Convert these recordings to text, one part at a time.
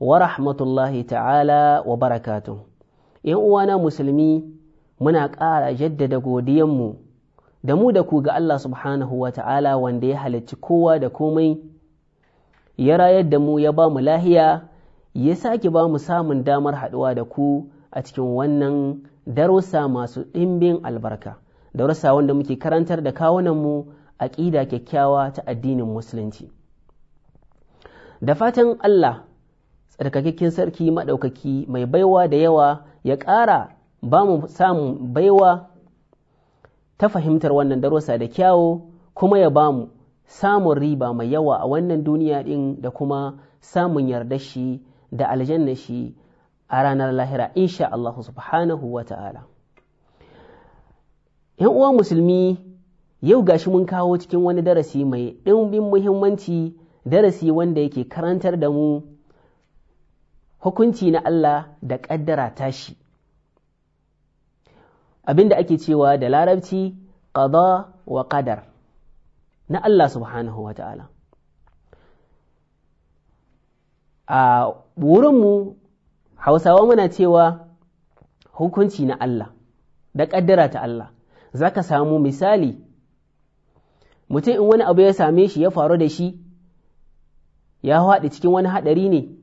wa rahmatullahi ta'ala wa barakatu ‘yan uwana musulmi muna ƙara jaddada godiyanmu da mu da ku ga Allah subhanahu wa ta'ala wanda ya halarci kowa da komai ya rayar da mu ya ba mu lahiya ya sake ba mu samun damar haɗuwa da ku a cikin wannan darussa masu ɗimbin albarka darussa wanda muke karantar da kawunanmu a ƙida kyakkyawa ta addinin musulunci da fatan Allah tsarkakakken sarki maɗaukaki mai baiwa da yawa ya ƙara ba mu samun baiwa ta fahimtar wannan darussa da kyawo kuma ya ba mu samun riba mai yawa a wannan duniya ɗin da kuma samun yarda shi da aljanna shi a ranar lahira insha Allah subhanahu wa ta'ala. ‘Yan uwa musulmi yau gashi mun kawo cikin wani darasi mai ɗimbin muhimmanci darasi wanda yake karantar da mu hukunci na Allah da ƙaddara tashi abinda ake cewa da larabci qada wa ƙadar na Allah subhanahu wa ta'ala a wurinmu hausawa muna cewa hukunci na Allah da ƙaddara ta Allah za ka samu misali mutum in wani abu ya same shi ya faru da shi ya haɗe cikin wani haɗari ne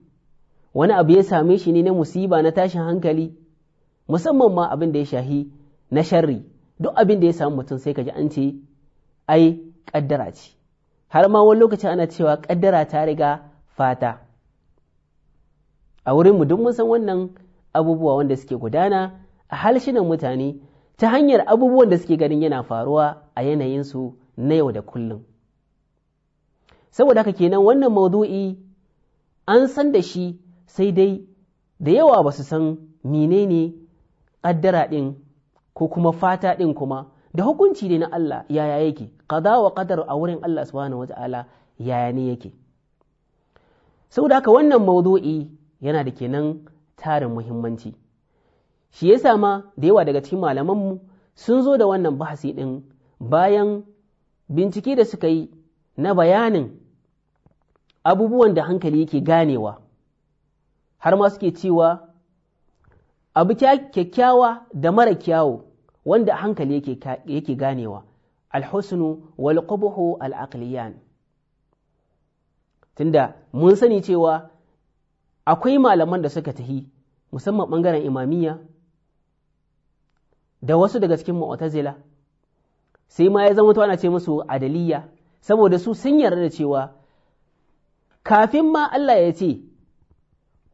wani abu ya same shi ne na musiba na tashin hankali musamman ma abin da ya shahi na sharri duk abin da ya samu mutum sai ka ji an ce ai ƙaddara ce har ma wani lokaci ana cewa ƙaddara ta riga fata a wurinmu duk mun san wannan abubuwa wanda suke gudana a halshinan mutane ta hanyar abubuwan da suke ganin yana faruwa a yanayinsu na yau da kullum saboda haka kenan wannan maudu'i an san da shi sai dai da yawa ba su san menene ƙaddara ɗin ko kuma fata ɗin kuma da hukunci ne na Allah yaya yake qada wa a wurin Allah subhanahu ta'ala yaya ne yake Sau da haka wannan mawdu'i yana da kenan tarin muhimmanci shi yasa ma da yawa daga cikin malamanmu sun zo da wannan bahasi ɗin bayan bincike da suka yi na bayanin abubuwan da hankali yake ganewa har ma suke cewa abu kyakkyawa da mara kyawo wanda hankali yake ganewa alhusnu wal qubhu al aqliyan tunda mun sani cewa akwai malaman da suka tahi musamman ɓangaren imamiyya da wasu daga cikin mu'tazila sai ma ya zama to ana ce musu adaliyya, saboda su sun yarda da cewa kafin ma Allah ya ce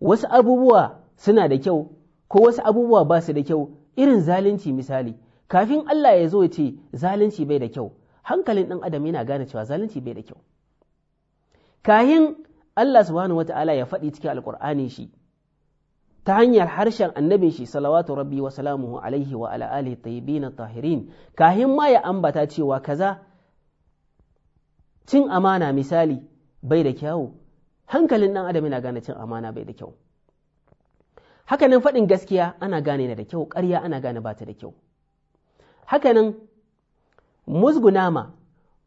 wasu abubuwa suna da kyau ko wasu abubuwa ba su da kyau irin zalunci misali kafin Allah ya zo ya ce zalunci bai da kyau hankalin ɗan adam yana gane cewa zalunci bai da kyau kahin Allah subhanahu wata'ala ya faɗi cikin alƙur'ani shi ta hanyar harshen annabin shi salawatu rabbi wa salamuhu alaihi wa ala alihi tayyibin tahirin kahin ma ya ambata cewa kaza cin amana misali bai da kyau. hankalin ɗan adam yana gane cin amana bai da kyau hakanan faɗin gaskiya ana gane na da kyau ƙarya ana gane ba ta da kyau hakanan musgunama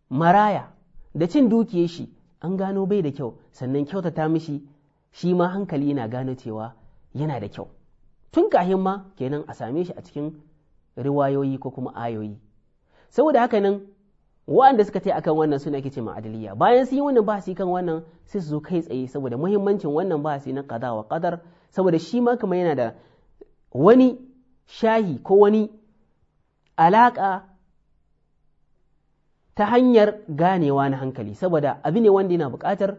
maraya da cin dukiyar shi an gano bai da kyau sannan kyautata mishi shi ma hankali yana gano cewa yana da kyau tun kahin ma kenan a same shi a cikin riwayoyi ko kuma ayoyi saboda hakanan waɗanda suka tai akan wannan suna ke ce adaliya bayan sun yi wannan bahasi kan wannan sai su zo kai tsaye saboda muhimmancin wannan bahasi na kaza wa kadar saboda shi ma kamar yana da wani shahi ko wani alaka ta hanyar ganewa na hankali saboda abu ne wanda yana buƙatar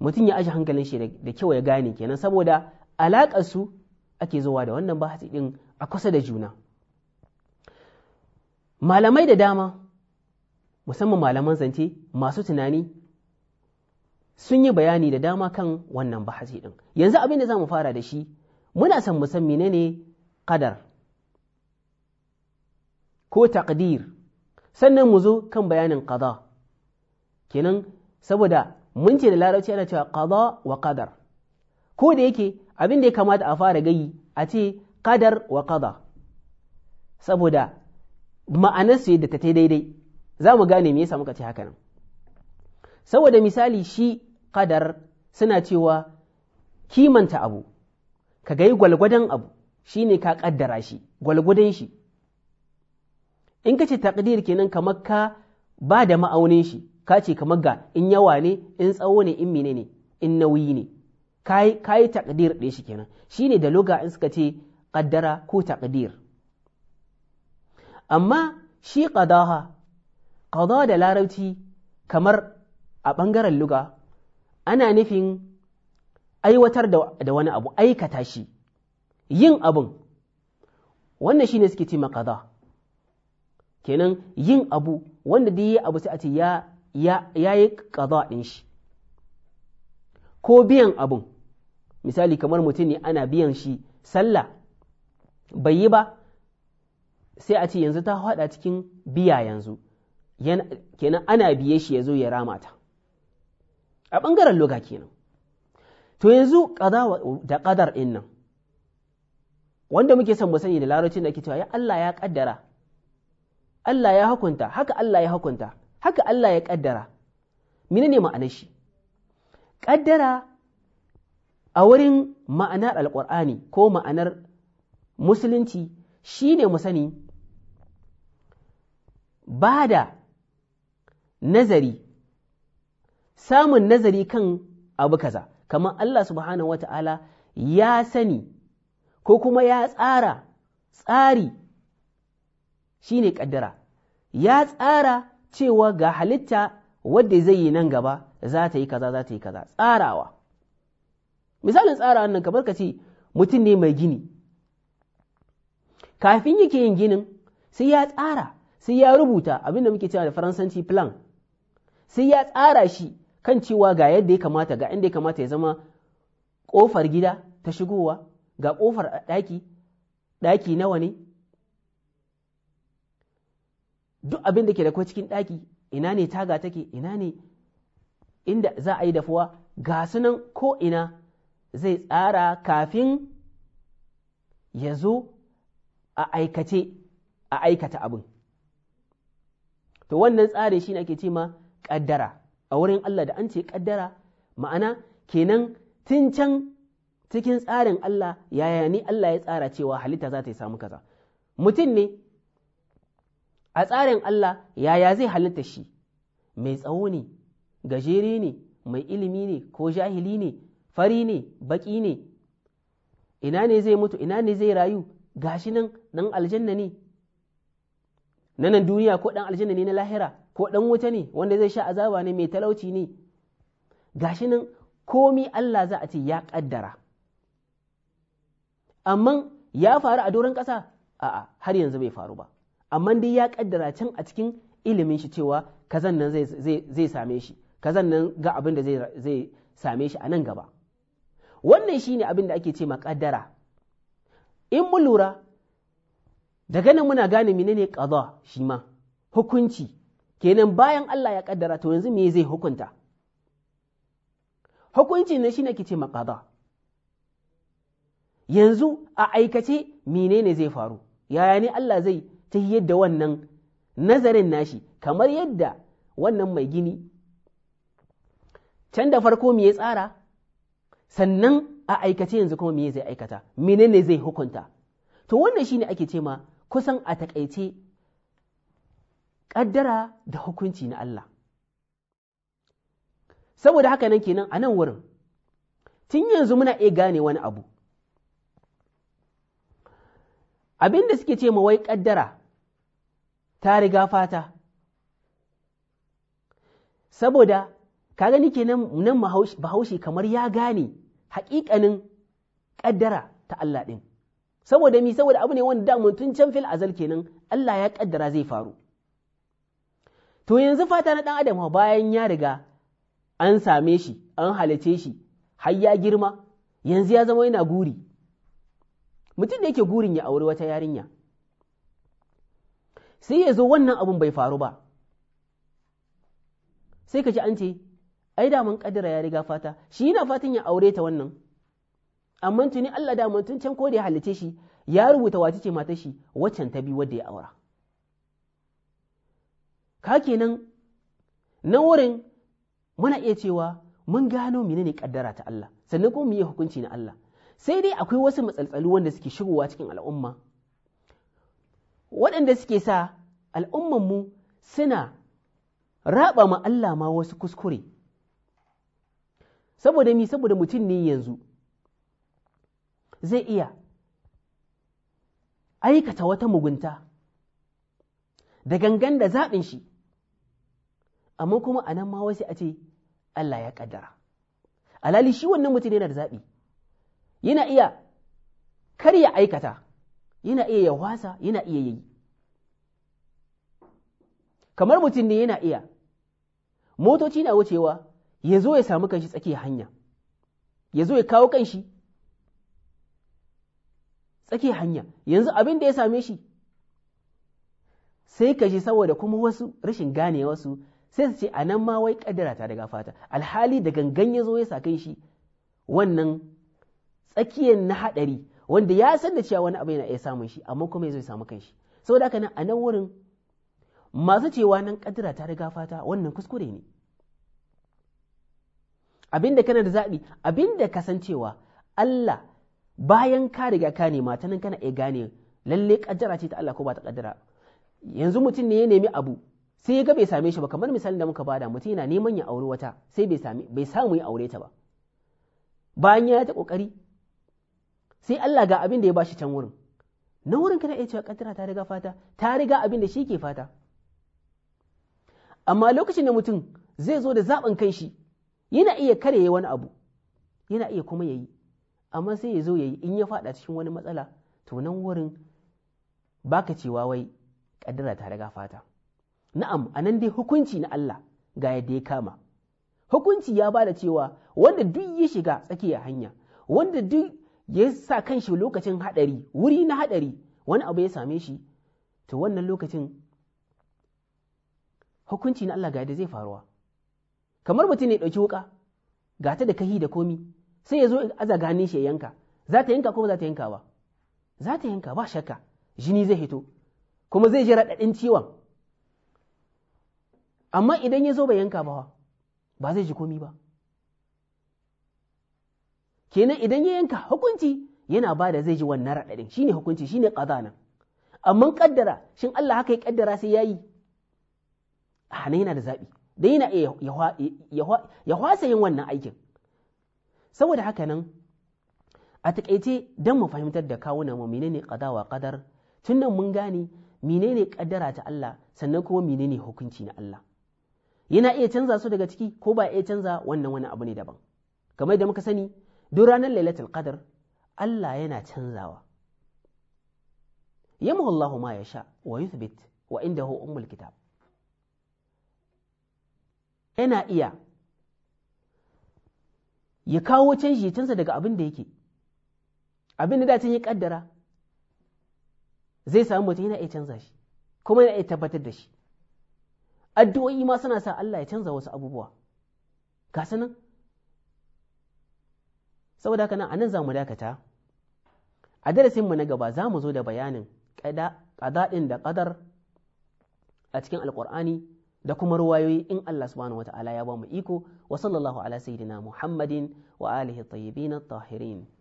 mutum ya aji hankalin shi da kyau ya gane kenan saboda alaƙar su ake zuwa da wannan bahasi din a kusa da juna malamai da dama musamman malaman zance masu tunani sun yi bayani da dama kan wannan bahasi din. yanzu abin da za mu fara da shi muna san mu san ne kadar ko takdir sannan mu zo kan bayanin kaza kenan saboda mun ce da larabci ana cewa kaza wa kadar ko da yake abin da ya kamata a fara gayi a ce kadar wa kaza saboda ma'anar su yadda ta daidai za mu gane me yasa muka ce haka nan saboda misali shi ƙadar suna cewa kimanta abu ka ga gwalgwadon abu shine ka kaddara shi gwalgwadon shi in ka ce takdir kenan kamar ka ba da ma'aunin shi ka ce kamar ga in yawa ne in tsawo ne in mine in nauyi ne ka yi takdir ɗin shi kenan shine da loga in suka ce kaddara ko takdir amma shi ƙadaha. qada da larabci kamar a ɓangaren luga ana nufin aiwatar da wani abu aikata shi yin abin, wannan shi ne suke ce qada kenan yin abu wanda da yi abu sai a ce ya yi qada ɗin shi ko biyan abin, misali kamar mutum ne ana biyan shi sallah bai yi ba sai a ce yanzu ta haɗa cikin biya yanzu kenan ana biye shi ya zo ya rama ta a ɓangaren loga kenan to yanzu da ƙadar ɗin nan wanda muke son mu sani da larocin da ake cewa ya Allah ya ƙaddara Allah ya hukunta haka Allah ya hukunta haka Allah ya ƙaddara mene ne ma'anar shi ƙaddara a wurin ma'anar alƙur'ani ko ma'anar musulunci shi ne musani ba da nazari samun nazari kan abu kaza kamar Allah subhanahu wata'ala ya sani ko kuma ya tsara tsari shine kaddara ya tsara cewa ga halitta wadda zai yi nan gaba za ta yi kaza za ta yi kaza tsarawa misalin tsara nan kamar ka ce mutum ne mai gini kafin yake yin ginin sai ya tsara sai ya rubuta abinda muke cewa da faransanci plan sai ya tsara shi kan cewa ga yadda ya kamata ga inda ya kamata ya zama ƙofar gida ta shigowa ga ƙofar ɗaki ɗaki nawa ne duk abin da ke da cikin ɗaki ina ne taga take ina ne inda za a yi dafuwa ga sunan ko ina zai tsara kafin ya zo a aikata abin to wannan tsarin shi ne ake ce ma ƙaddara a wurin Allah da an ce ƙaddara ma'ana kenan tun can cikin tsarin Allah yaya ni Allah ya tsara cewa halitta za ta yi samu kaza mutum ne a tsarin Allah yaya zai halitta shi mai tsawo ne gajere ne mai ilimi ne ko jahili ne fari ne baƙi ne ina ne zai mutu ina ne zai rayu gashi nan nan aljanna ne na nan duniya ko ɗan aljanna ne na lahira ko ɗan wuta ne wanda zai sha azaba ne mai talauci ne gashi nan komi Allah za a ce ya ƙaddara amma ya faru a doron ƙasa a'a har yanzu bai faru ba amma dai ya ƙaddara can a cikin ilimin shi cewa kazan nan zai same shi kazan nan ga abin da zai same shi a nan gaba wannan shine abin da ake ce ma ƙaddara in mun lura daga nan muna gane menene qada shi ma hukunci kenan bayan Allah ya kaddara to yanzu me zai hukunta hukunci ne shine ake ce maqada yanzu a aikace menene zai faru yaya ne Allah zai ta yadda wannan nazarin nashi kamar yadda wannan mai gini can da farko me ya tsara sannan a aikace yanzu kuma me zai aikata menene zai hukunta to wannan shine ake ce ma kusan a taƙaice ƙaddara da hukunci na Allah. Saboda haka nan kenan a nan wurin, tun yanzu muna iya gane wani abu. Abin da suke ce wai ƙaddara ta riga fata, saboda ka gani kenan nan bahaushe kamar ya gane haƙiƙanin ƙaddara ta Allah ɗin. saboda mi saboda abu ne wanda da tun can fil azal kenan Allah ya kaddara zai faru to yanzu fata na dan adam bayan ya riga an same shi an halice shi har ya girma yanzu ya zama yana guri mutum da yake gurin ya aure wata yarinya sai ya zo wannan abun bai faru ba sai ka ji an ce ai da mun kaddara ya riga fata shi yana fatan ya aure ta wannan amma tuni Allah da tun can ko da ya shi ya rubuta wace ce mata shi waccan ta bi wadda ya aura ka kenan nan wurin muna iya cewa mun gano menene kaddara ta Allah sannan kuma mu hukunci na Allah sai dai akwai wasu matsaltsalu wanda suke shigowa cikin al'umma waɗanda suke sa al'umman mu suna raba ma Allah ma wasu kuskure saboda mi saboda mutum ne yanzu zai iya aikata wata mugunta da gangan da zaɓin shi, amma kuma a nan ma wasu a ce Allah ya ƙaddara. Alali shi wannan mutum yana da zaɓi, yana iya kar aikata, yana iya ya wasa, yana iya yayi. Kamar mutum ne yana iya, motoci na wucewa, ya zo ya samu kanshi tsakiya hanya, ya zo ya kawo kanshi tsake hanya yanzu abin da ya same shi sai ka ji saboda kuma wasu rashin gane wasu sai su ce a nan ma wai kaddara ta daga fata alhali da gangan ya zo ya kai shi wannan tsakiyar na hadari wanda ya san da cewa wani abu yana iya samun shi amma kuma ya zo ya samu kanshi saboda haka nan a nan wurin masu cewa nan kaddara ta daga fata wannan kuskure ne abinda kana da zaɓi abinda cewa Allah bayan ka riga ka nema ta nan kana iya gane lalle kaddara ce ta Allah ko ba ta kaddara yanzu mutum ne ya nemi abu sai ya ga bai same shi ba kamar misalin da muka bada mutum yana neman ya aure wata sai bai same bai samu ya aure ta ba bayan ya ta kokari sai Allah ga abin da ya bashi can wurin na wurin kana iya cewa kaddara ta riga fata ta riga abin da shi ke fata amma lokacin da mutum zai zo da zaɓin kanshi yana iya kare wani abu yana iya kuma yayi amma sai ya zo ya yi in ya faɗa cikin wani matsala to nan wurin baka cewa wai ƙaddara ta riga fata na'am a nan dai hukunci na Allah ga yadda ya kama hukunci ya bada cewa wanda duk ya shiga tsakiya hanya wanda duk ya sa kanshi lokacin haɗari wuri na haɗari wani abu ya same shi to wannan lokacin hukunci na Allah ga yadda zai faruwa kamar mutum ne ɗauki wuka ga ta da kahi da komi sai ya zo aza gane shi ya yanka za ta yanka ko ba za ta yanka ba za ta yanka ba shakka jini zai hito kuma zai ji raɗaɗin ciwon amma idan ya zo bai yanka ba ba zai ji komi ba kenan idan ya yanka hukunci yana ba da zai ji wannan raɗaɗin shine hukunci shine ne nan amma ƙaddara. shin Allah haka ya kaddara sai yayi a yana da zaɓi da yana ya hwasa yin wannan aikin saboda haka nan a takaice don mu fahimtar da kawuna mu menene kadawa kadar, tun nan mun gane menene kaddara ta Allah sannan kuma menene hukunci na Allah yana iya canza su daga ciki ko ba iya canza wannan wani abu ne daban kamar da muka sani duk ranar lailatul qadar Allah yana canzawa yamhu Allahu ma sha wa yuthbit wa indahu ummul kitab yana iya ya kawo canji ya canza daga abin da yake abin da dacin ya kaddara zai samu mutum yana iya canza shi kuma yana iya tabbatar da shi addu'o'i ma suna sa Allah ya canza wasu abubuwa ga sanan saboda haka nan anan za mu dakata a darasin mu na gaba za mu zo da bayanin ƙada'in da ƙadar a cikin alƙur'ani da kuma ruwayoyi in Allah subhanahu wata'ala ya ba mu iko wa sallallahu ala sayyidina Muhammadin wa alihi tayyibin at-tahirin